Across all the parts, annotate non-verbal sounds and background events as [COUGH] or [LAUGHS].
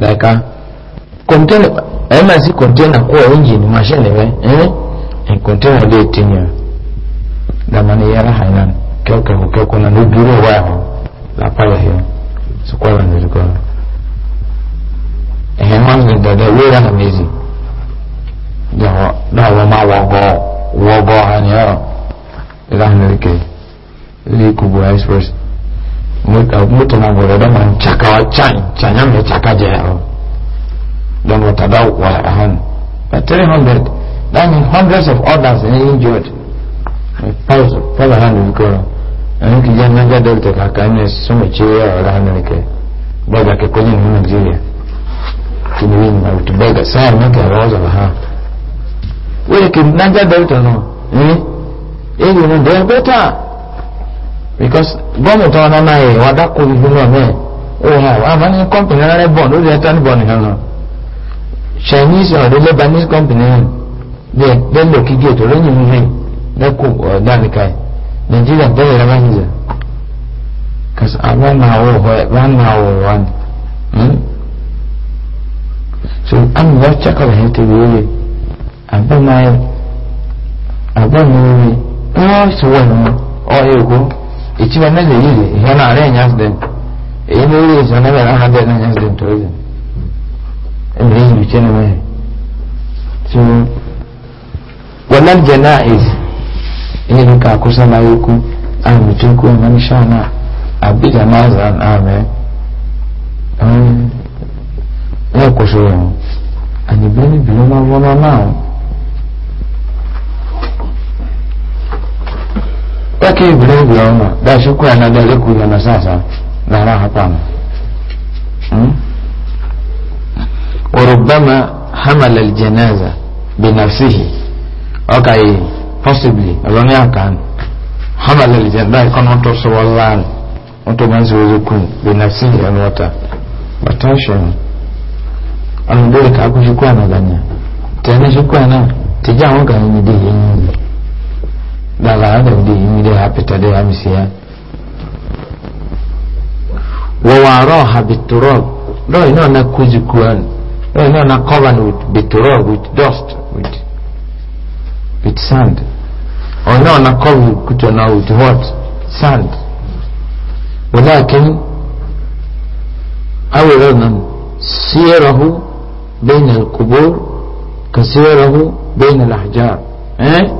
like a uh, container ẹ máa sí container kó engine machine rẹ ẹ ẹ container lè tẹnyẹ dàmánì yàrá hàìnà kẹkọọ kẹkọọ náà ló dúró wáyà hàn lápáyà yẹn sọkọlà ní ìdíkọ ẹhẹ máa ń gbìn dada wéra nà méjì náà wọn máa wọgọ wọgọ hàn yàrá ìlànà ìkẹyì ilé ìkùbù express moto eh, na gore da man chaka wa chan chanya me chaka je ho don wata da wa han but 300 then hundreds of others eh, in injured pause for the hand go an ki jan na gadal to ka kan ne su mu ce ya ra han ne ke ba da ke kunyin mun Nigeria kun yin na to ba ga sai na ka roza ba ha wai ke na gadal to no eh eh ne da beta because bọ́ọ̀mù tó wọn náà yẹ wọn dákò ibi náà mẹ́ẹ̀ ó hàn wọ́n àmọ́ ní company rẹ̀ bọ̀n lórí ẹ̀tọ́ ní bọ̀n nìkan náà chinese or lebanese company rẹ̀ bẹ́ẹ̀ lò kí gate olóyìn mi rìn lẹ́kọ̀ ọ̀dà uh, nìkan yìí nigeria bẹ́ẹ̀ yẹra máa ń yẹ kasi àwọn náà wọ̀ họ ẹ̀ wọ́n náà wọ̀ wọ́n so àmì wọ́n check-up ẹ̀ tẹ̀lé wọlé àbọ̀ máa yẹ àbọ̀ mi wọlé wọ́n sì wọ̀ ẹ̀ wọ́n ọ̀ ẹ̀ wọ́n. ikiba meze yiri ihe na ara eyi na ori ezi ọna mera ọna dị na enyas dem tori emere ihe biche na mere so is ihe akwụsị na okwu a mmechi okwu na nsha na na azara na ame kwụsịrị anyị bịa ke ibire bi ọmọ da shi kuya na da riku yana sasa na ran hapa mu hmm? wa rubbama hamal al janaza bi nafsihi okay possibly ọ̀rọ̀ ní àkàn hamal al janaza kan wọn tó sọ wọn láàrin wọn tó máa ń sọ bi nafsihi ẹnu wọta batashin ọ̀nà bẹ́ẹ̀ ká kú shi kuya na ganya tẹ̀lé shi kuya na tẹ̀jẹ́ àwọn kan ní dé da ba haka da yi da ya fita da ya misiya wa waro ha biturog do ina na kuji kuan do ina na covered with biturog with dust with with sand or ina na covered kuto na with what sand walakin awira nan siyarahu bain al-qubur ka siyarahu bain al-ahjar eh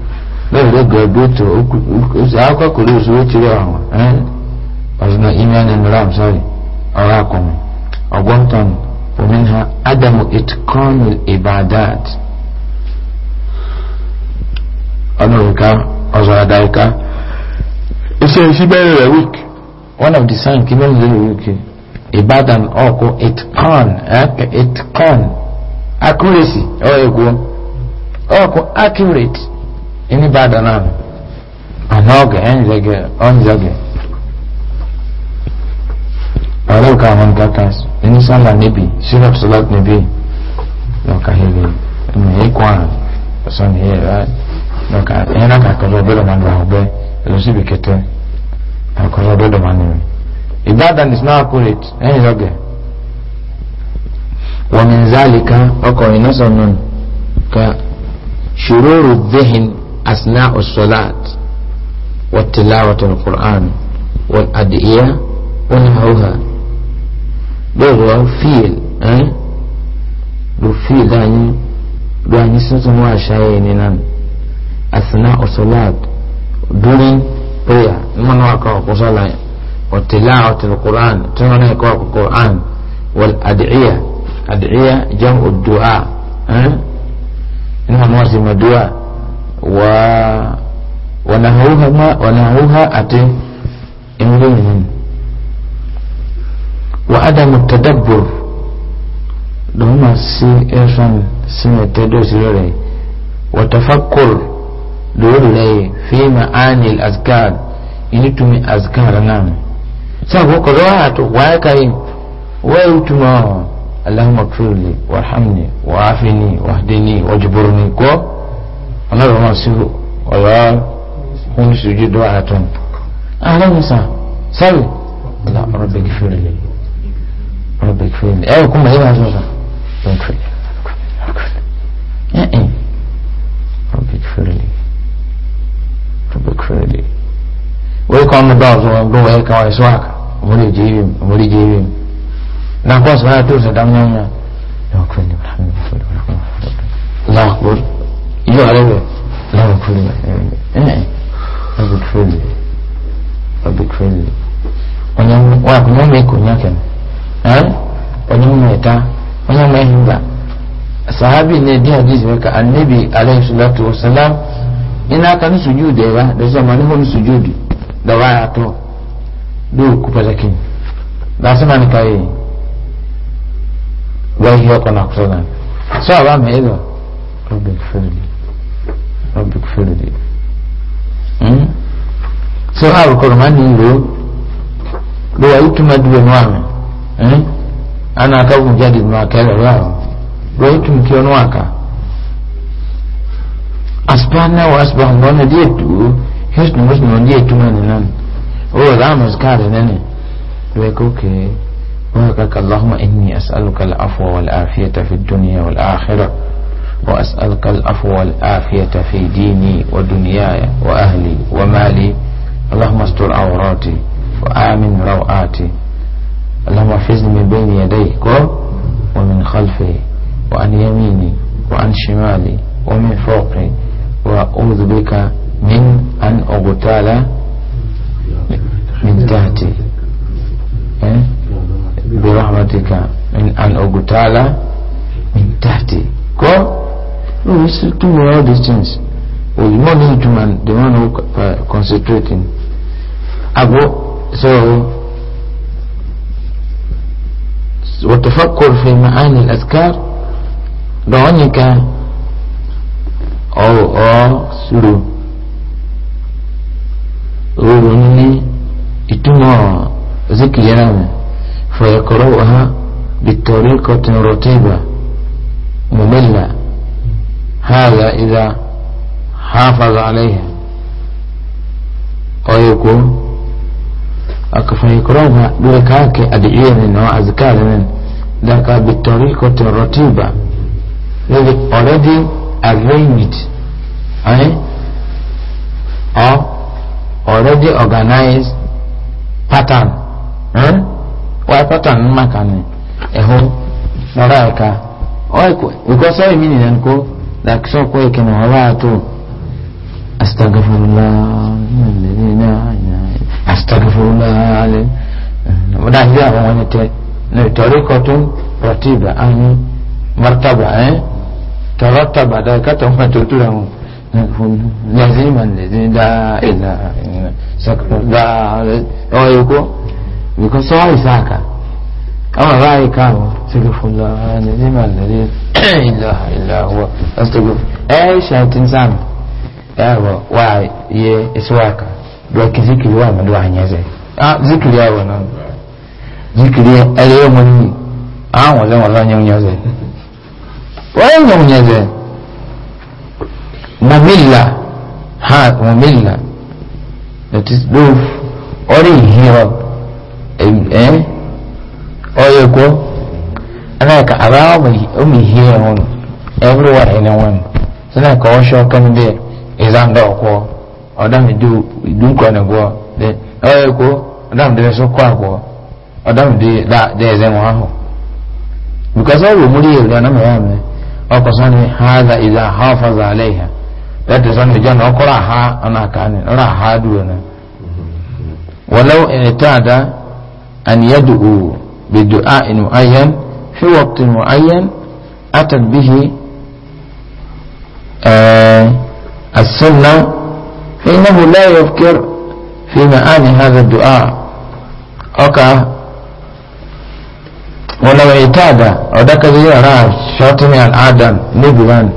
lórí ló graduate akọ kòrò òṣèré tìrẹ àwọn ẹn ọ̀sán imian sorry, sọ́rí ọ̀rọ̀ akọ̀mù ọgbọ́ntàn omin ha adamu itkọ́nù ibadat ọlọ́rìká ọ̀sán adáríká iṣẹ́ iṣẹ́ bẹ̀rẹ̀ rẹ̀ week one of the sign kí bẹ́ẹ̀ lórí week ibadan ọkọ̀ itkọ́n itkọ́n accuracy ọ̀ ẹ̀kọ́ ọkọ̀ accurate. ini badanan anoge enjege onjege ọ̀rọ̀ ka àwọn kakas ẹni sálà níbi syrup salat níbi lọ́ka hìlì ẹni ẹ̀kọ́ àrùn ọ̀sán ní ẹ̀rá lọ́ka ẹ̀rá kàkọ́lọ́ ọ̀dọ́dọ̀ máa lọ ọ̀gbẹ́ ẹlọ́síbi kẹtẹ àkọ́lọ́ ọ̀dọ́dọ̀ máa nìyẹn is not accurate ẹ̀yìn lọ́gẹ̀ wọ́n ka ṣòro أثناء الصلاة والتلاوة القرآن والأدعية ونحوها دوغو فيل أه؟ do feel داني do ani sotun wa أثناء الصلاة during prayer من وقع قصلا وتلاوة القرآن تمنى يقرأ القرآن والأدعية أدعية جمع الدعاء إنها موسم الدعاء ونهوها أتي إمرين وعدم التدبر دوما سي إيشان سنة تدوس لوري وتفكر لوري في معاني الأذكار إن تمي أذكار نام سأقول قراءة وايكاين ويتما اللهم اغفر لي وارحمني وعافني واهدني واجبرني كو ọ̀nàrọ̀ wọn sí ọ̀rọ̀ oníṣòjú dọ́ àtún ààrẹ mi sàn sáré ọ̀là ọ̀rọ̀ bẹ̀gì fèrè lè ọ̀rọ̀ bẹ̀gì fèrè lè ẹ̀rọ kúmọ̀ yẹ́wà sọ̀rọ̀ ọ̀rọ̀ fèrè lè ọ̀rọ̀ bẹ̀gì fèrè lè ọ̀rọ̀ bẹ̀gì fèrè lè wọ́n kọ́ ọ́nà dọ́ọ̀ sọ̀rọ̀ gbọ́ ẹ̀ kàn àkà ọmọdé jẹ́ jẹ́ ìwé ìjọ ààrẹ rẹ̀ láwọn kúrò ẹ̀ẹ́ arbitrarily arbitrarily ọ̀nyẹ́mú wọn àkùnmọ́ mi kò nyá kẹ́mi ẹ̀ẹ́n ọ̀nyẹ́mú mi ẹ̀ta ọ̀nyẹ́mú ẹ̀hìn gbà sahabi ne di hadith mẹ́ka anabi alayhi salatu wa salam yẹn aka ní sujúdù ẹ̀rá lọ́sọ̀ ọmọ ní hó ní sujúdù dọ̀wọ́ àtọ̀ lóòkù pàtàkì lásìmọ̀ nìkan yìí wọ́n yí ọkọ̀ náà kúrò náà sọ àbámi ẹ̀rọ ọ̀gbìn fẹ́rẹ̀ mi. ربك فردي سواء القرآن يلو لو أيتم دون وامن أنا كم مجدد ما كان الله لو أيتم كيون واكا أسبحنا وأسبح الله ديتو حسن مسلم ديتو من نان هو رام أذكار نان ويكوكي وهكاك اللهم إني أسألك العفو والعافية في الدنيا والآخرة وأسألك العفو والعافية في ديني ودنياي وأهلي ومالي اللهم استر عوراتي وآمن روعاتي اللهم احفظني من بين يديك ومن خلفي وعن يميني وعن شمالي ومن فوقي وأعوذ بك من أن أغتال من تحتي إيه؟ برحمتك من أن أغتال من تحتي كو No, it's to all these things. Well, you don't need to man, the one who uh, concentrating. Abu, so, وتفكر في معاني الأذكار دعونك أو أو سلو ومني إتما ذكر ينام فيقرأها بطريقة رتيبة مملة هذا إذا حافظ عليها ويكون فيكرهها بركاك أدعية وأذكار ذاك بالطريقة الرتيبة الذي already arranged eh? or already organized pattern eh? why pattern ما ni ẹ̀hún lọ́rọ̀ ẹ̀ka because all you mean لك شو كويك نوعاته أستغفر الله الذين أستغفر الله وده جاء وانت طريقة رتيبة أي مرتبة أي ترتب ذلك ثم تتلهم لازما الذي لا إله إلا سكر لا أو يكون because so I saka أما رأيك هو سلف الله نعم الذي إله إلا هو أستغفر أي شيء تنسام أهو واي يه إسواك دوك ذكر وما دوا نيزه آه ذكر يا ونان ذكر يا اليوم مني آه ولا ولا نيوم نيزه ولا نيوم نيزه مملة ها مملة that is doof or in here oye a anaka abawo mi omi hie hun everywhere in one sana ka osho kan be izan do ko oda mi du du ko na go de oye ko oda mi de so ko ago oda mi de da de ze mo ho because all na me wa me eh. o ko so ni hadha idha hafaza alaiha that jan okora ha anaka ni ha بدعاء معين في وقت معين أتت به آه السنة فإنه لا يفكر في معاني هذا الدعاء أوكا ولو اعتاد أدك ذي راج شاطمي آدم نبغان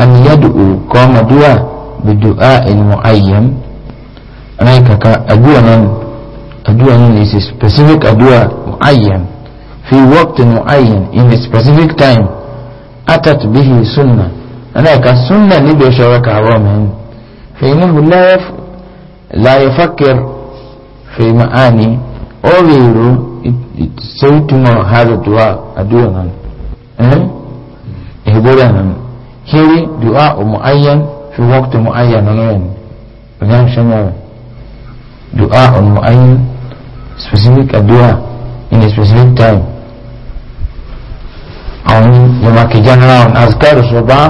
أن يدعو قوم دعاء بدعاء معين أنا كأدوانا أدوانا ليس سبيسيفيك أدواء معين في وقت معين in a specific time أتت به سنة هناك السنة نبي شوكة عوامهم فإنه لا يف... لا يفكر في معاني أو غيره سيتم هذا الدعاء أدونا إيه؟ إهبولا هيري دعاء معين في وقت معين وين وين شنو دعاء معين specific أدوانا in a specific time the yomaki general azkaru soba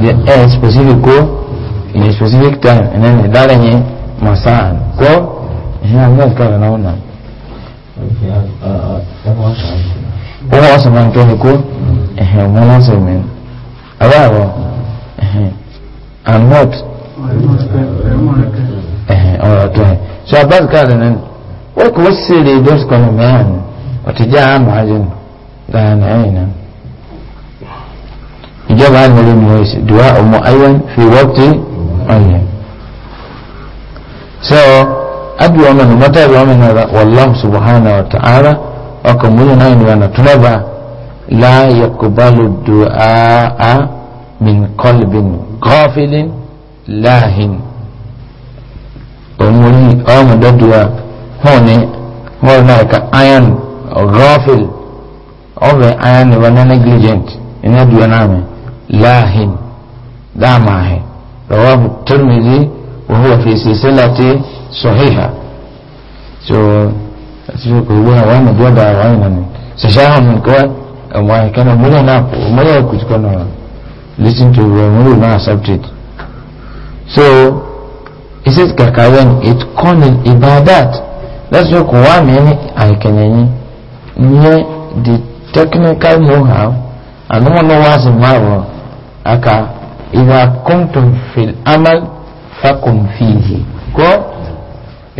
the air specific go in a specific time and then ìdára yẹn masaan ko ìyẹn àwọn azkaru náà nà. wọ́n wọ́n sọ̀rọ̀ nǹkan ni ko ẹ̀hìn wọ́n wọ́n sọ̀rọ̀ mi àbá àwọ̀ ẹ̀hìn and not ẹ̀hìn ọ̀rọ̀ tó ẹ̀ so abazikaru náà o kò sèrè dọ́sùkọ́nù mẹ́rin ọ̀tíjà àmàlẹ́nu dáná ẹ̀yìn náà ìjọba àmàlẹ́ mi wọ́n dùwà ọmọ ayọ́n fi wọ́pẹ́ ọ̀yẹ́ so adùn ọmọ nù mọ́tà ìwà ọmọ nù wàllám subahana ọ̀tà ara ọkọ̀ múlò náà ni wọn àtúnbà bá láàyè kò bá lò dùn áá min kọlbin gọ́fìlín láàhìn òun ní ọmọ dọ́dùwà hone mona ka iron ghafil ove iron wa negligent ina duwana me lahin dama he rawahu tirmidhi wa huwa fi silsilati sahiha so sio kwa hiyo wa mjua da aina ni sasa mko mwa kana mwana napo mwana kuchukana listen to mwana na subject so it kakawen it conned ibadat lẹ́sìn kò wá mí ní àìkẹ̀yẹ̀yìn ìyẹn the technical know-how ànúmọ̀nà wá sí márùn aka ìwà kóńtùn fìl amal fakùn fìhì kó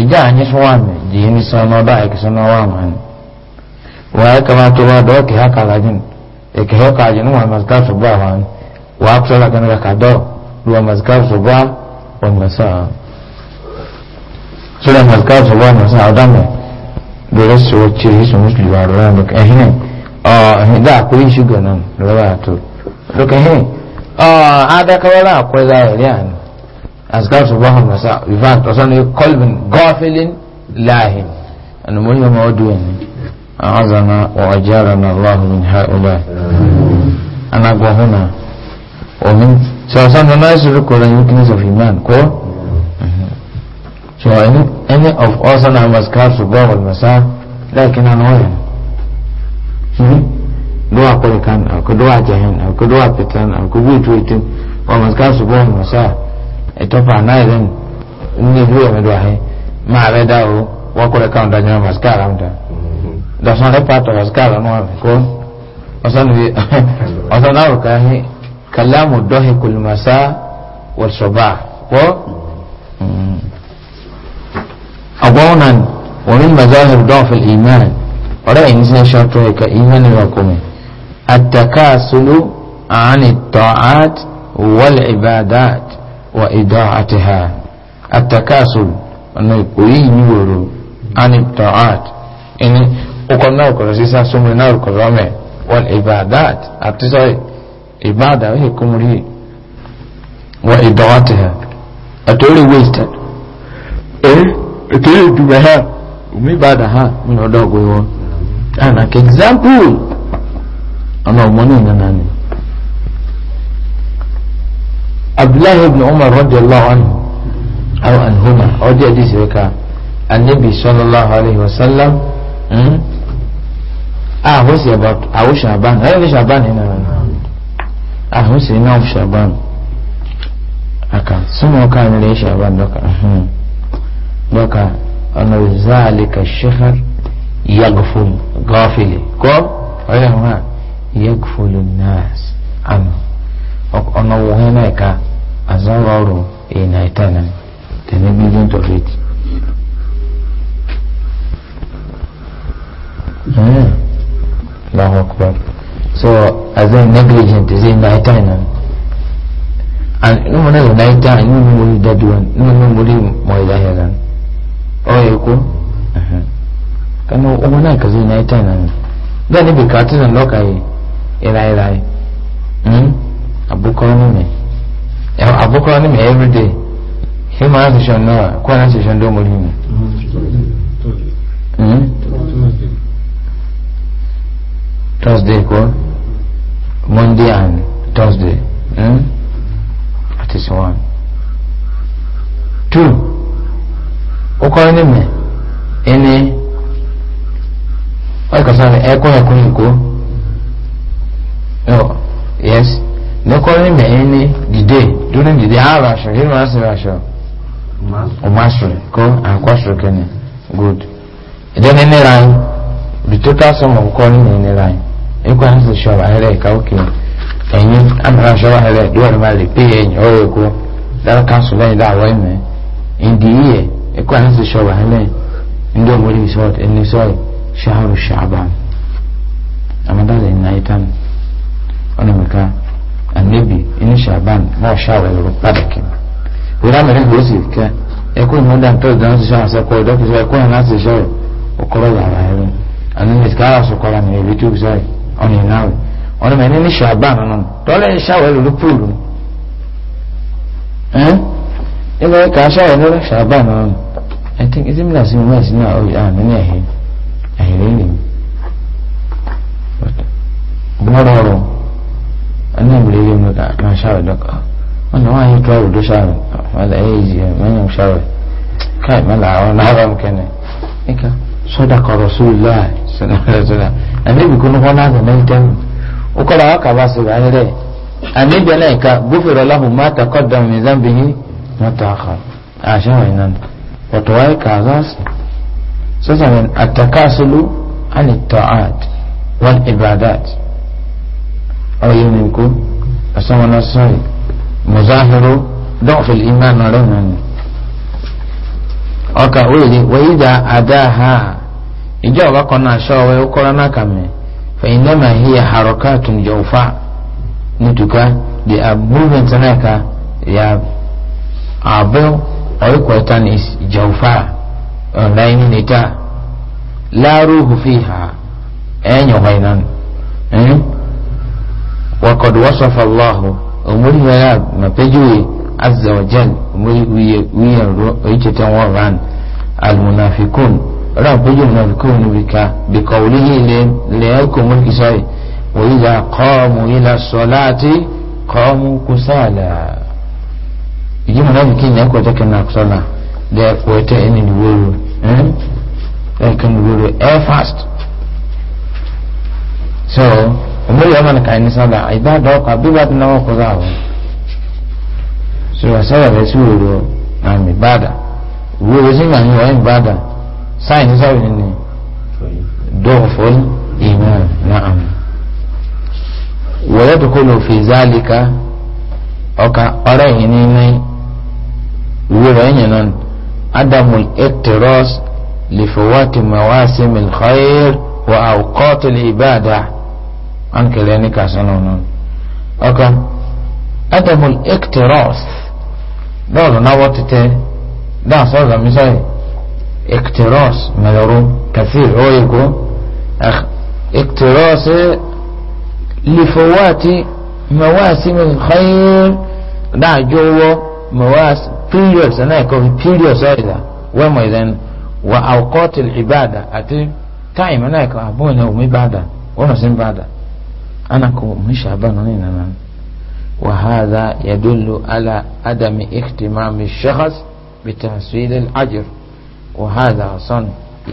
ìjà ànyí sọ wà mí jìyí ní sọ náà bá àìkẹsọ náà wà mí ni wà á kà máa tó wá dọ́ kìí haka lajin èkè hẹ́ ọkà àjẹ́ níwọ̀n màsíkà sọ̀gbọ́ àwọn wà á kọ́ sọ́lá kan ní kàkà dọ́ lùwọ̀n màsíkà sọ̀gbọ́ wọn mẹ́sàn-án so that mazkar subhanahu wa ta'ala adamu the rest of the his muslim are around look eh eh ah da kuri shugo nan rawa to look eh ah ada kawala wa ta'ala ivan to sanu qalbin ghafilin lahin an mun ma wadu ne أعظنا وأجارنا الله من هؤلاء أنا قهنا ومن سأصنع ما So any, any of us and I must come to God with Messiah, like in an oil. Dua kolikan, aku dua jahin, aku dua pitan, aku buat itu, wa must come to God with Messiah. Itu panai dan ini dua me dua he, ma ada dau, wa kolikan dan yang must come dah. Dah sana lepas tu must come no aku. Asan ni, asan aku kahi kalamu dohi kul wal sabah. Ko قونا ومن مظاهر ضعف الإيمان ورأي نسنا شرطه كإيمان وقومه التكاسل عن الطاعات والعبادات وإضاعتها التكاسل أنه يور عن الطاعات إن أقلنا وقال سيسا سمنا وقال والعبادات أتصعي عبادة وهي كمريه وإضاعتها أتولي ويستد إيه ètòrí ìdùmẹ̀ ha omi ìbàdàn ha mi ọdọ ọ̀gbẹ́ wọn àná kí example ọ̀nà ọmọ náà nana ni abdullahi ibn umar rọ́jò lọ́wọ́ hmm? ah, ni àwọn àníhùnmá ọdí ẹ̀dí sí anabi sallallahu alayhi wa sallam àwọn sì àwọn ṣàbán ẹ̀rọ ní ṣàbán ní nana àwọn sì náà aka súnmọ́ ká ní lè ṣàbán دوكا أنه ذلك الشهر يغفل غافل كو أيها يغفل الناس عنه أنه هناك أزرار إن أتنا تنبيل تفيت الله أكبر so as a negligent is in night time and no one else night time no one will that one no one will more than ọyọ kó kanu ọmọ náà kàzí iná ẹ̀ tán náà bẹ́ẹ̀ níbi kàtí náà lọ́ka yìí ìlà ìlà yìí abukọ́rọ́ ní mi abukọ́rọ́ ní mi everyday human association náà kó náà association dó mọ́lì mi. Hmm? Thursday kó Monday and Thursday. Hmm? That is one. Two. ụkọrọ n'ime ene ọkasara ẹkọ ẹkọ nìkó yes n'ụkọrọ n'ime ene dìde during the day ahụ aṣọ hiri ma asịrị aṣọ ụmasịrị kọ akwasịrị kene good then ene rai the total sum of ụkọrọ n'ime ene rai ẹkọ ahụ sọrọ ahịrị ka oke ẹyin amara sọrọ ahịrị dụwọrọ ma le pe ẹyin ọrụ ẹkọ dara kansụl ẹyin dị awọ ime in the year ẹ̀kọ́ àti ṣọ̀wà ẹ̀lẹ́ ndé ọmọdé ìṣọ́ọ̀tì ẹni sọ́ọ̀ ṣáàrù ṣàbà àmọ́dáde ní àyíkánu ọ̀nà mẹ́ka ànẹ́bì ní ṣàbà náà ṣàwà ẹ̀rọ pàtàkì wíwá mẹ́rin kò sì kẹ́ ẹ̀kọ́ ìmọ̀dá tó ìdáná ti ṣàwọn sẹ́kọ̀ọ́ ìdọ́kìsọ ẹ̀kọ́ ìrìn láti ṣọ́ọ̀ ọkọ̀rọ̀ yàrá ẹ̀rọ àní ìsìkára sọ̀kọ̀ra ní ẹ̀rí tó na ọ̀nà ìnáwó ọ̀nà mẹ́rin ní ṣàbà nínú tọ́lẹ̀ ṣàwà ẹ̀rọ púùlù ẹ̀ ẹ̀ أنتن إذا من لازم ما زنا أو يعني من أهي أهي ليني بمرارو أنا بلي يوم لك ما شاء الله لك أنا ما هي كلاو دو شاء ولا أي زي ما يوم شاء الله كاي ما لا أنا هذا ممكن إيكا صدق رسول الله صلى الله عليه وسلم أمي بيكون هو هذا ما يتم وكلا هكا بس يعني ده أمي بيلاقي كا غفر ما تقدم من ذنبه ما تأخر عشان هنا watawaye kaza su sasa min atakasulu ani ta'at wal ibadat ayo ne ko asama na sai muzahiru ضعف الإيمان ولنا ọkà wíìlì wíìdà àdáhà ìjọ ọba kan náà ṣọ ọwẹ́ ọkọ̀rọ̀ náà kàmẹ́ fẹ̀yìndẹ́mà híyà àròkà tún jọ̀ọ́fà nítùkà the movement náà kà yà àbẹ́ oil cotton is jaufa online nita la ruhu fiha enyo hainan hmm? وقد وصف الله أمره يا مبجوي عز وجل أمره ويا ويجتن وغان المنافقون رب بجو المنافقون بك بقوله لأيكم الكسائي وإذا قاموا إلى الصلاة قاموا كسالا ìdí mọ̀nàbìkì ní ẹ̀kọ́ tẹ́kẹ̀ náà sọ́nà dẹ́ ẹ̀kọ́ tẹ́ ẹni ìwúrò ẹ̀kọ́ ìwúrò air fast so ọmọ yẹn mọ̀nà kàní sọ́nà ìbá dọ́ọ̀kọ́ bíbá tó náwó kọ́ sáà wọ́n so àṣẹwà rẹ̀ sí wòrò àmì ìbáàdà wòrò sí ìyàn yìí wọ́n ìbáàdà sáì ní sọ́ọ̀rì ni dọ́ọ̀fọ́ ìmọ̀ náà wọ́n yẹ́ tó kó lò ọ̀rẹ́ yìí ní ويرينن عدم الاكتراث لفوات مواسم الخير وأوقات العبادة أنك لأنك سنون أوكا عدم الاكتراث دولة نواتته دا صدر مثال اكتراث مدرو كثير هو يقول اكتراث لفوات مواسم الخير دا جوه مواسم periods náà kọ́ periods ẹ̀dá wọ́n mọ̀ then wà awqat al ibada at time náà kọ́ àbúrò náà òmí báàdà bada mọ̀ sí ń bada ana kọ́ òmí ṣàbánú ní wa hadha yadullu àlà adam ihtimam al shakhs bi ìkìtìmáàmì al ajr wa hadha sọ́n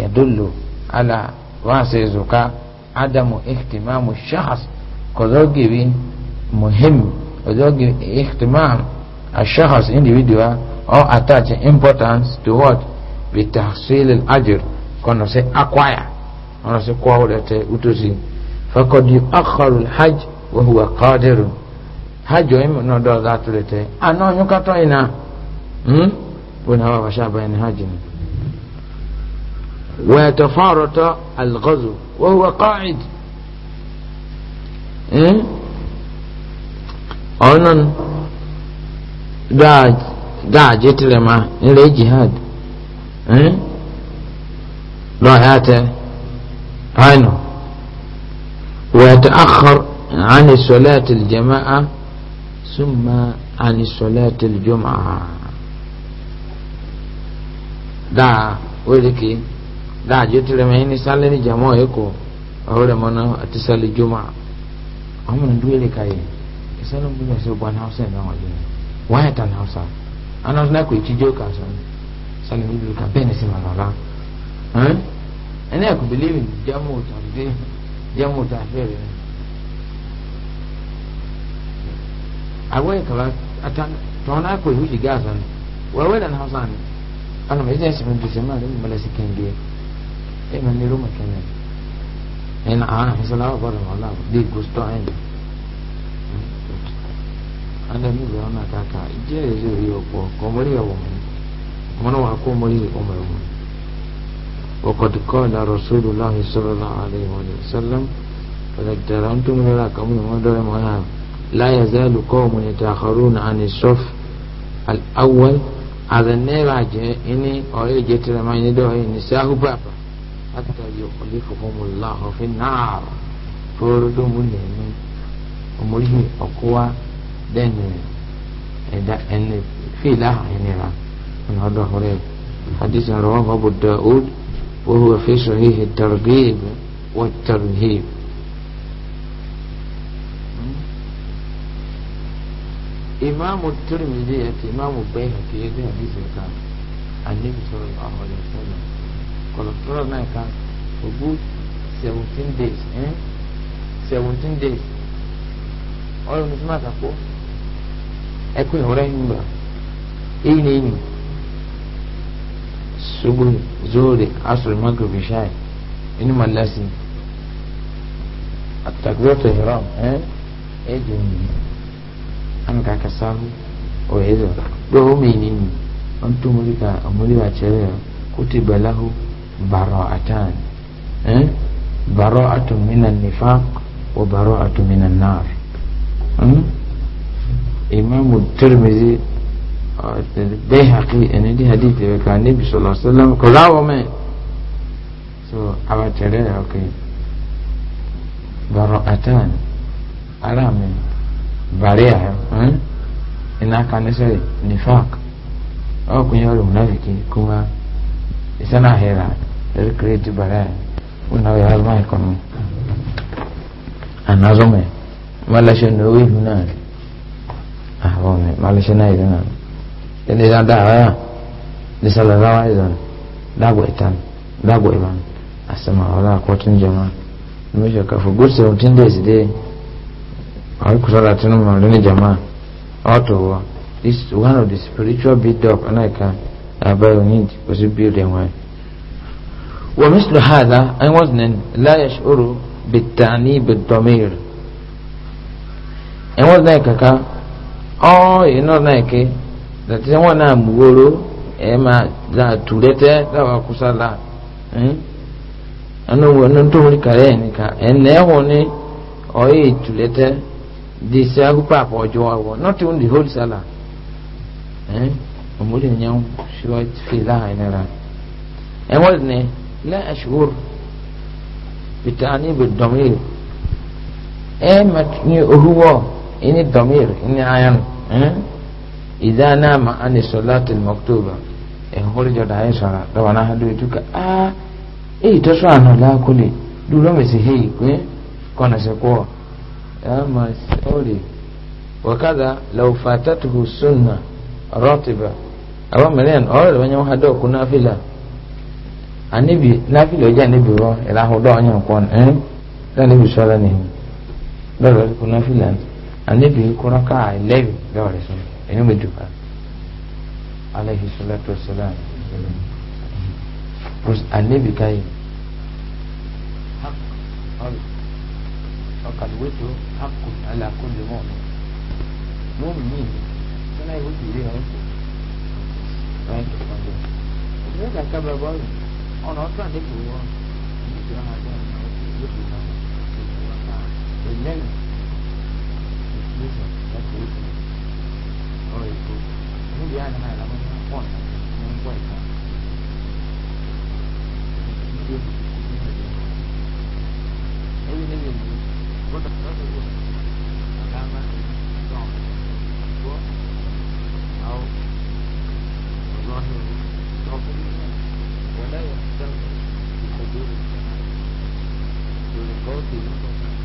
yadullu àlà wasi zùkà adam ihtimam ádámù ìkìtìmáàmì ṣẹ́hás bin muhim kọ́dọ́gìrì ìkìtìmáàmì a shakhs individual or attach importance to what we tahsil al ajr kono se acquire ono se kwa ulete utosi faqad yu'akhkharu al hajj wa huwa qadir hajj im no do that ulete ano nyuka to ina hmm buna wa bashaba in hajj wa yatafarata al ghazw wa huwa qa'id hmm onan daa jitile ma nle jihad eh lo hate hayno ويتأخر عن صلاة الجماعة ثم عن صلاة الجمعة دا ولكي دا جتل ما هني صلي الجماعة يكو أولا منا تصلي الجمعة أمنا دويلك أيه يسألون بنا سبحانه وتعالى wáyà tà ní ọ̀sà anáwó náà kò tí jẹ́ òkà sọ ni sani mi lùkà bẹ́ẹ̀ ni sì mà rárá ẹni ẹ̀kọ́ bìlíìmì jẹ́mú tàbí jẹ́mú tàbí rẹ̀ àwọn ìkàlà atan tọ́wọ́n náà kò ìhùjì gáàsà ni wẹ́wẹ́ dà ní ọ̀sà ni ana mai zai sami dusa ma rin mala sikin biye e ma ni ruma kenan ina ana hisala ba da wala bi gusto ayin anda mi bẹ̀rẹ̀ ọ̀nà kàkà ìjẹ́ ẹ̀rẹ́ rí ọ̀pọ̀ kọ̀mọ́rí ọ̀wọ̀ mi ọmọdé wa kó mọ́rí ọmọ ẹ̀wọ̀ ọkọ̀dù kọ́ ọ̀nà rọ̀ṣọ́lù láàrin sọ̀rọ̀ láàrin wọn ni sẹ́lẹ̀m ọ̀dàdàrà ń tó mi rà kàmú ni wọ́n dọ́rẹ́ mọ́ náà láyà zẹ́lù kọ́ ọmọ ni tàkàrú na àni sọ́f awọ́l àdánẹ́rà jẹ́ ẹni ọ̀rẹ́ ìjẹ́ tẹ̀lé máa ní dọ́rẹ́ ní sáhùbà then ان في له يعني من هذا هريب حديث رواه أبو داود وهو في صحيح الترغيب والترهيب إمام الترمذي إمام البيهقي يدي حديث كان النبي صلى الله عليه وسلم قال افترضنا كان وجود 17 days eh 17 days أول مسمعك أقول ẹkọ ìhóra yìí mbà èyí ni èyí subu zoore asoro magrebi shai ẹni ma lasi atagbọtọ hiram ẹ eh? ẹ eh, di omi ana ka kasa ho ọ yẹ eh, zọ do o mi ni ni wọn tó mo ka ọmọdé wa kyerẹ yẹ kó ti bẹlẹ ho bàrọ ẹ bàrọ atomina nifaq wọ bàrọ atomina naar. Hmm? imam tirmidhi bayhaqi ẹni di hadith ẹ̀rẹ̀ kan níbi sọ̀lọ̀ sọ́lọ́m kò láwọ̀ mẹ́ so àwọn tẹ̀lé ok bọ̀rọ̀ àtàn ara mi bàrí àyọ̀ hmm? iná kanisẹ̀ nifak kun ọ̀rọ̀ munafiki kuma ìsẹ́nà àhẹ́rà ẹ̀rí kìrìtì bàrí àyọ̀ wọn náà yàrá máa kọ́ mi ànázọ́mẹ̀ ahone malishina idan ene da da ya ah, ni sallallahu idan dago itan dago iman asama wala ko tun jama mu je ka fu gurse mutun da zide ai ku sala tun mu ne jama auto this one of the spiritual build up and i can abayo need was build them way ومثل هذا أي وزن لا يشعر بالتعني بالضمير أي وزن كذا ọ ịnọ na eke dati wọn na mugoro ẹ za tulẹtẹ dáwà kusala ẹnu wọn ní tó wọlé kàrẹ na ẹnẹ wọn ni ọyẹ tulẹtẹ di sẹ akópa àpọjọ nọtị not di whole sala ọmọdé nyẹn ṣíwájú fi ẹnẹra ẹ wọ́n ní lẹ́ ẹ̀ṣọ́rọ̀ bìtá ní ibùdó mi ẹ mẹ́tìrì ní òhùwọ́. ini damir ini ayan eh? idza nama an salati al maktuba en eh, horijo da ay sara da wana hadu tuka a ah, e eh, to so an la kule duro me se hei kwe kona se ko ama sorry وكذا لو فاتته السنة راتبة أو مليان أول من يوم هدو كنا فيلا النبي نافل وجاء النبي هو إلى هدو أن يكون إيه لا نبي صلى الله عليه وسلم كنا فيلا anabi nkura kaa eleven lɔɔre so ɛnu bɛ duka alayhi salatu wasalam anabi ka yi ɔkan wetu hakun ala kundu mɔ mɔ mi mi sɛnɛ yi wetu yi hɛn ɛn tó kɔn dɛ ɛdí yɛ kaka bɛ bɔ yi ɔnà ɔtɔ anabi wɔ ɛdí yɛ kaka bɛ bɔ yi ɔnà ɔtɔ anabi wɔ ɛdí yɛ kaka bɛ bɔ yi ɛdí yɛ kaka bɛ bɔ yi. Bisa, that's it. Or it could. Maybe I don't know, I'm not one. I'm quite one. Every day you do. What the fuck is it? I'm not strong. What? How? I'm not here. Don't do it. When I was young, you could do it. You có go to the hospital.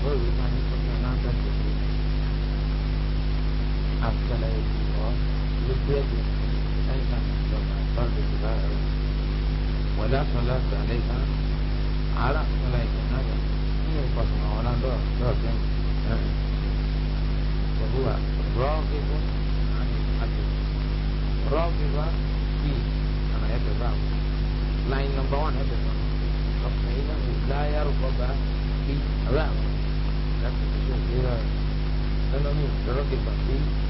Well, we can't even get an answer to it. أفضل الله للبيت أين لما فرد الغائر ولا صلاة عليها على صلاة هذا هي الفصل ولا دور دور وهو راغب عن الحديث راغب فيه أنا يتبعه line number one يتبعه فإنه لا يرغب في رغب لكن تشوف إيه رغب أنا مين ترغب فيه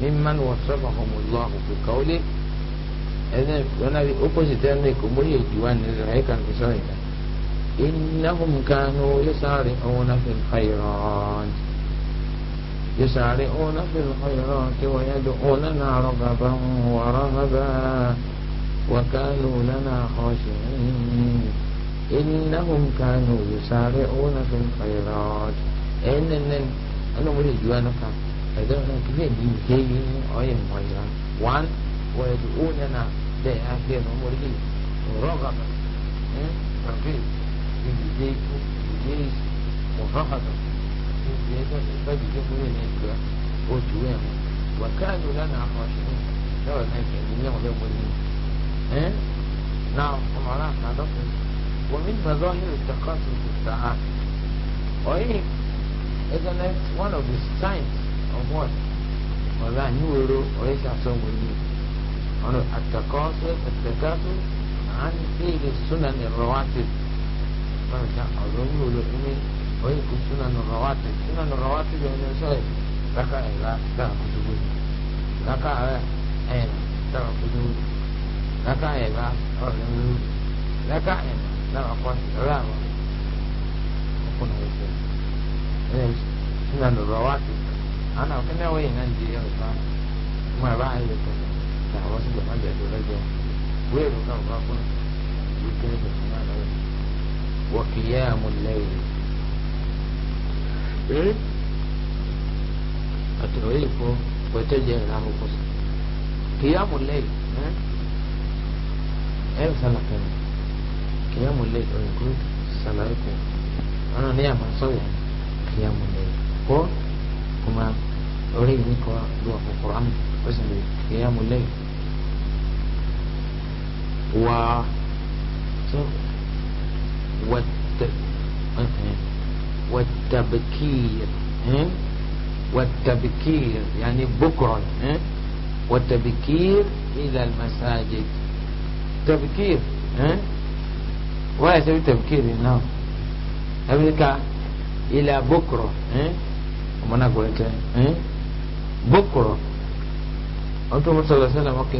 ممن وصفهم الله في قوله إذن أنا أقصد أنك مريه جوان الرعيك الكسرين إنهم كانوا يسارعون في الخيرات يسارعون في الخيرات ويدعوننا رغبا ورهبا وكانوا لنا خاشعين إنهم كانوا يسارعون في الخيرات إن إن أنا مريه جوانك فدعنا بيدي دين أي مغيرا وان ويدعوننا بأهدين أمره رغبا ترغيب بيديك بيديك ورغبا بيديك بيديك بيديك وجوهم وكانوا لنا خاشعين لو ما كان اليوم يوم الدين نعم ومعناها نعرفه ومن مظاهر التقاسم في الساعات وإيه إذا one of the signs what? ọ̀rọ̀ àníwòrò ọ̀rẹ́ ṣàtúnwò yìí ọ̀nà àtàkọ́sẹ́ ẹ̀tẹ̀kásẹ́ à ń fi ilé súnà ní rọwátì ọ̀rọ̀ ìjà ọ̀rọ̀ níwòrò ẹni ọ̀rẹ́ kò súnà ní rọwátì súnà ní rọwátì ló ń sọ ẹ̀ káká ẹ̀rá dára kùtùkù káká ẹ̀rá dára kùtùkù káká ẹ̀rá ọ̀rẹ́ níwòrò káká ẹ̀rá dára kọ́sì ọ̀rẹ́ àwọn ọkùnrin ẹ̀sẹ̀ ẹ̀ ana kene wo ina ndi ya ba mu ba ai le to da wa su ba da do lego we ro ka ba ko ni ke ko ma na wa qiyamul layl eh atro ipo ko te je na ko ko qiyamul layl eh eh sala ka qiyamul layl ko ko sala ko ana ne ya ma so ya qiyamul layl ko كما أريد منك ضعف القرآن وزن قيام الليل و والت... والتبكير والتبكير يعني بكرة والتبكير إلى المساجد تبكير ولا يسوي تبكير هنا نعم. إلى بكرة ọmọnà gòlẹtẹ ẹn bókòrò ọtún mọsálà sálàm ọkẹ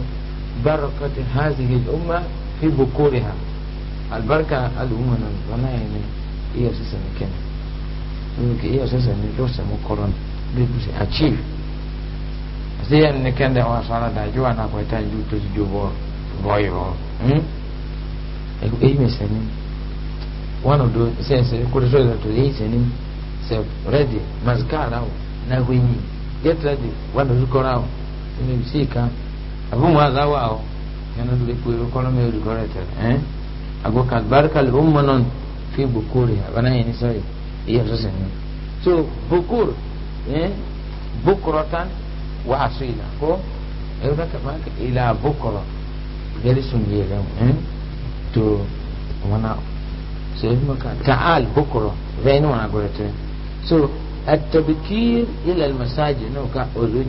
barakati hazihi ọmọ fi bokori ha albarka alùmọ nà wọn ayé ni iye sísè ní kẹne nínú iye sísè ní lọsẹ mú kọrọ bí kùsì achieve àti iye ní kẹne wọn sọrọ dájú wà nà kọta ìlú tó ti jó bọ bọyì bọ ẹyí mi sẹni wọn ò do sẹsẹ kó tó sọ ìdàtò yìí sẹni self ready mazikara o na hwenyi get ready wanda zukora o ina bisika abu mwaza wa o yana dule kuwe kono me rikore ta eh ago kad barkal ummanon fi bukuri bana yini sai iya so sen so bukur eh bukratan wa asila ko e ka ma ila bukra gari sun yi ran eh to wana sai maka ta'al bukra zainu na gore ta so التبكير إلى المساجد نوكا أولود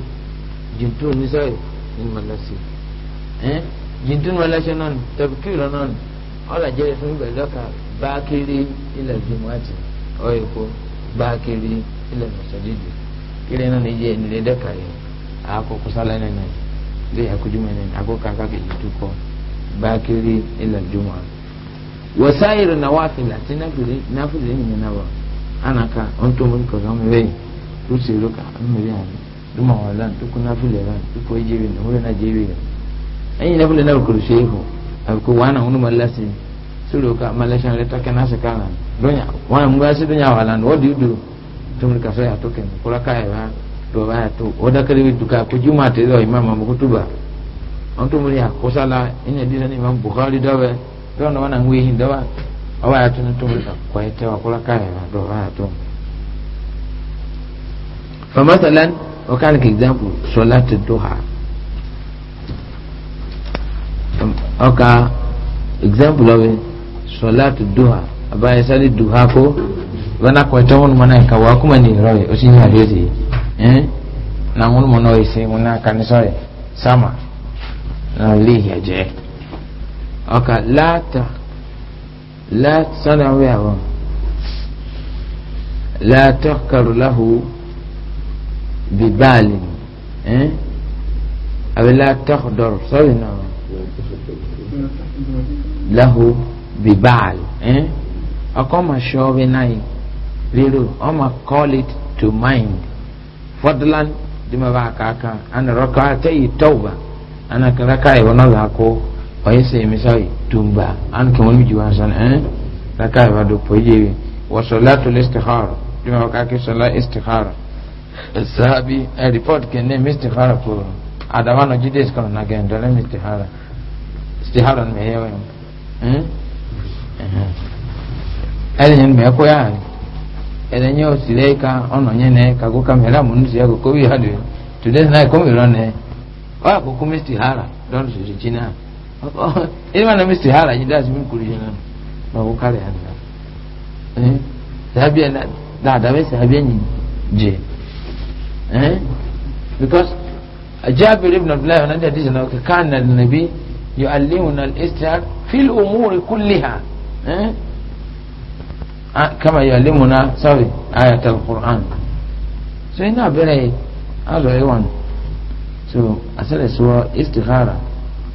جنتون نساء المناسي eh jintun wala ṣe náà tẹbukiri náà ọlà jẹrẹ fún ibẹ lọkà báàkiri ilẹ jùmọàtì ọyọkọ báàkiri ilẹ mọsálídì kiri náà níjẹ nílẹ dẹka yẹ àkókò sálẹ nínú lè àkójúmọ nínú àkókò akáké ìtukọ báàkiri ilẹ jùmọ. wọ́sáyìrì náà wà fìlà tí náà fìlà nínú náà wà anaka ọ̀ntọ́ mọ̀ nǹkan ọ̀hún rẹ̀ ló ṣe ló kà ń mẹ́rin àná ló mọ̀ wọn lánàá tó kún náfúlẹ̀ lánàá tó kọ́ ẹ̀jẹ̀ rẹ̀ náà wọ́n náà jẹ́ rẹ̀ ẹ̀yìn náfúlẹ̀ náà kòrò ṣe é hù àbíkó wọn náà wọn mọ̀ lásì sórí ọkà malaysia rẹ̀ tọ́kẹ́ náà ṣe kàrà lóyà wọn mú wáṣẹ́ tó yà wà lánàá wọ́n dìídò tó mú kàfẹ́ yàtọ̀ kẹ́mi kúrọ́ káyà dọ̀bà yàtọ̀ wọ́n dákẹ́rẹ́ bi dùkà kó jùmọ̀ àtẹ̀lẹ́ ọ̀ ìmáàmù àmọ́kútùbà wọn tó mú yà kọ́sálà ẹ̀yìn ẹ̀dínlẹ́ni ìmáàmù buhari dọ́wẹ́ dọ́wọ́n náà wọn náà ń wéyìn dọ́wọ́ awa ya tunu tó mọlẹ kọ ẹ tẹ wa kọlá káyọ náà dọ ọba ya tó. famasalan ọkàn kì í dàpọ̀ sọlá ti dùn ha ọkà example ọbẹ sọlá ti dùn ha abayẹ sáré dùn ha kó wọn akọ ẹtọ wọn mọ náà nǹkan wọn akọmọ ní ìrọ yìí ó sì ní àdéhùn na wọn mọ náà ìsìn wọn náà kàní sọrọ sáma náà lè لا سنوي أهم لا تحكر له ببال إيه؟ أو لا تخدر صلنا له ببال إيه؟ أقوم شوفي ناي ليرو أما call it to mind فضلا دم باكاكا أنا ركعتي توبة أنا كذا كاي ɔyɛ sɛ misali tumba an kan wani jiwa san ɛn eh? na kai ba do po jewe wa salatu al-istikhar dima ka ke sala istikhar sahabi a eh, report ke ne istikhar ko adawa no jide skon na gen do ne istikhar istikhar me yewe ɛn ɛn ɛn me ko ya ɛn nyɛ o sile ka ɔnɔ nyɛ ne ka go kamera mu nu ya ko ko wi hadu today na ko mi ron ne wa ko ko mistihara don su jina ilé wọn náà mi sèhara yìí dáhùn sí mi kúrò yìí náà mà wò kárẹ̀ yà nà ẹ́ dàbí ẹ̀ dáadáa bẹ́ẹ̀ sàbí ẹ̀yìn jẹ ẹ́ because jaabir ibn abdullahi wọn náà dìde náà kankan nà nàbí yóò aléwọn náà ẹsẹ̀ fíl òmùrè kúlẹ̀ hà ẹ́ kama yóò aléwọn náà sọ́ọ̀rì quran so iná abẹ́rẹ́ azọ̀ ẹ̀wọ̀n so àṣẹlẹ̀ sọ istikhara.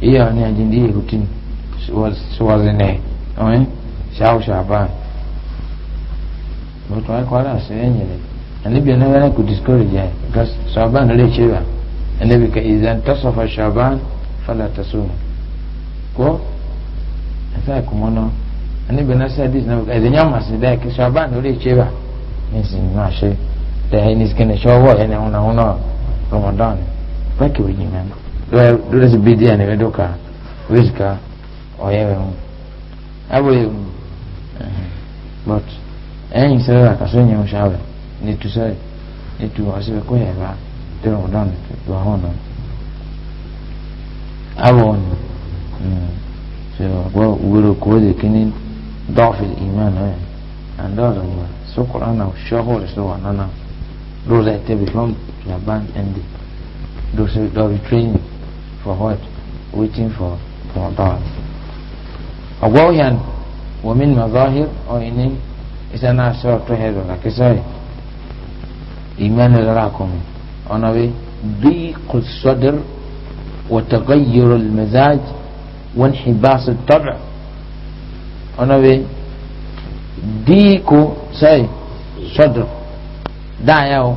iya ni ajin di rutin suwazine ọ̀hìn ṣáà ṣàbá but wọ́n kọ́ ara ṣe ẹ̀yìn rẹ̀ ẹ̀nẹ́bí ẹ̀nẹ́ wọn kò discourage ẹ̀ eh. because ṣàbá ní lè ṣe wà ẹ̀nẹ́bí ka ìzàn tọ́sọ̀fà ṣàbá fọlá tẹ̀sọ̀mù kọ́ ẹ̀sẹ̀ àkùmọ́ náà ẹ̀nẹ́bí ẹ̀nẹ́ sẹ́ dis náà ẹ̀dẹ̀ ní àmàṣe dẹ́ kí ṣàbá ní lè ṣe wà ní ìsìn náà ṣe tẹ̀ ẹni skin ṣọwọ́ ẹni ọ̀nà ọ̀nà Ramadan bákì òyìnbó dole su bidiya ne duka wiska oyewe mu abu but enyi sẹrẹ akaso yẹn o ṣáwẹ nítu sẹrẹ nítu ọsibẹ kó yẹ bá dẹrẹ ọdọ ní tó ahọ́n nọ abu ọnu ṣe ọgbọ wúro kó de kíní dọ́ọ̀fì ìmọ̀ náà yẹn and dọ́ọ̀dọ̀ wà sọkùnrin náà ṣọ́ọ̀hùn rẹ̀ sọ wà nánà lóòrè tẹ̀bi fún yàgbá ẹ̀ndì lóòrè lọ́ọ̀rì tírénì. for what? Waiting for Ramadan. Awawiyan ومن مظاهر أو إني إسانا سوى تهيرو لك سوى إيمان لراكم أنا بي ضيق الصدر وتغير المزاج وانحباس الطبع أنا بي ضيق سي صدر دا يو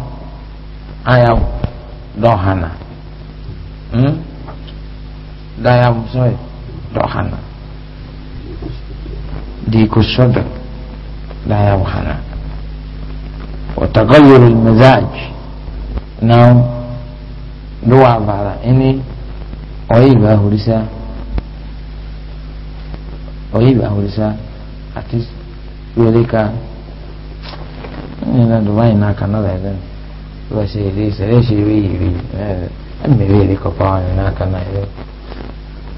أيو دوهانا 嗯。Mm? daya musuh dohana di kusudak daya muhana وتغير المزاج نعم دوا بارا اني oyiba ahulisa oyiba ahulisa at least wele ka nina dubai na kana da idan ba shi ri sai shi ri ri amma wele ka pa na kana idan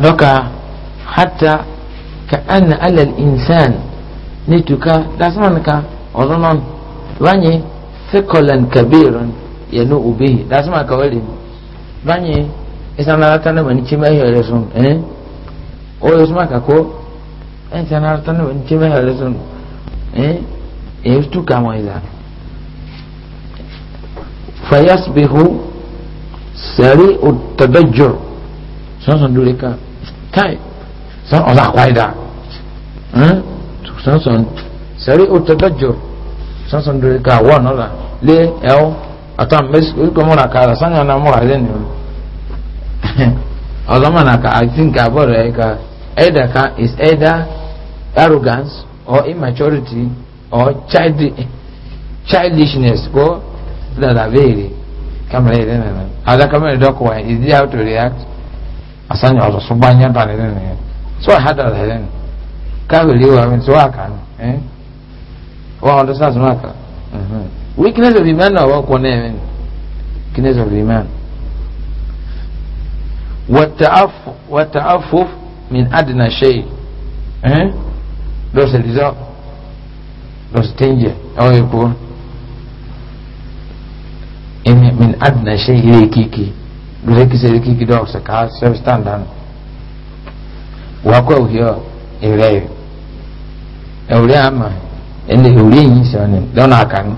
doka hatta ka anna alal insan ne tuka dasman ka ozonon wanye fikolan kabirun ya nu ubihi dasman ka wali wanye isa na rata na bani cima yare sun eh o yusma ka ko en sa na rata na bani cima yare sun eh e tuka mo iza fayasbihu sari'u tadajjur sun sun tai san ọ̀sán àkwáìdá sansan sari otagajor sansan dore ka wọn nọla lé ẹwọ atam mẹsì orúkọ mọra kàrà sanga na mọra lẹni o ọlọmọ mana ka i think abọ rẹ ka either ka is either arrogance or immaturity or child childishness ko dada beere kamara yẹn lẹnu na kamara dọkọ wa is it how to react. asanya ọzọ so gbanye abalị nínú ya so ahadara helen káwèlì wà mí tí wà kà ní wọn ọdún sars náà weakness of iman náà wọn kọ náà mi weakness of iman wata afuf min adina shei lọsẹ lizọ lọsẹ tẹnjẹ ọyọ ikú min adina shei ilé kíkì. Greki seriki kidogo saka self standard wako hiyo ile e ile e ama ende ile nyinyi sana dona kan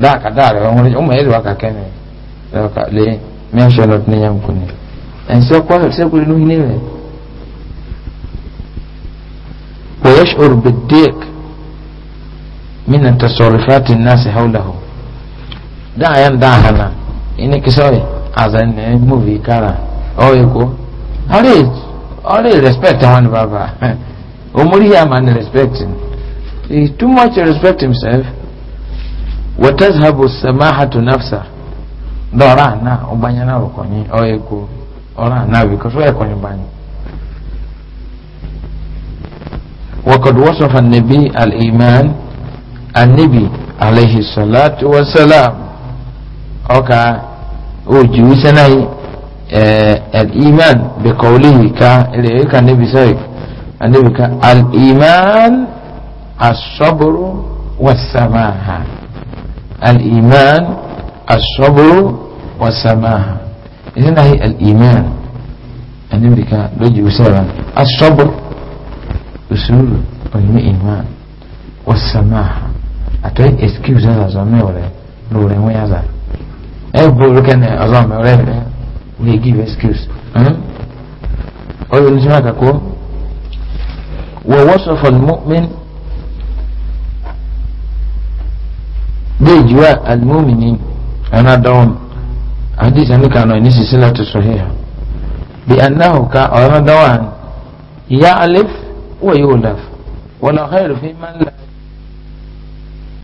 da kadare wangoni umma ile wakakene waka le mention of nenya mkuni and e so kwa sababu kulinu hinewe ويشعر بالضيق من تصرفات الناس حوله دعيا دعنا إنك سوي as a eh, movie kara ọ oh, go. ọrịa ọrịa respect ahụ baba [LAUGHS] omori oh, ya ma na respect he too much respect himself watazhabu samahatu nafsa dọra na ọgbanye na Oh ọ go. ọra oh, na because ọ ekọnye al-iman وصف nabi الإيمان النبي عليه الصلاة والسلام okay. وجوسنا الإيمان بقوله كا اللي كان النبي سويك النبي كا الإيمان الصبر والسماحة الإيمان الصبر والسماحة إذن هي الإيمان النبي كا لجي سويك الصبر أسول الإيمان والسماحة أتوين إسكيو زازا زمي ولا نورين ويازا every weekend eh, Allah my right eh, we give excuse hmm? oyo nisema kako wa wasafa almu'min bejua almu'minin ana dawn hadith ani kano ni sisila to sahiha bi annahu ka ana dawan ya alif wa yulaf wala khairu fi man la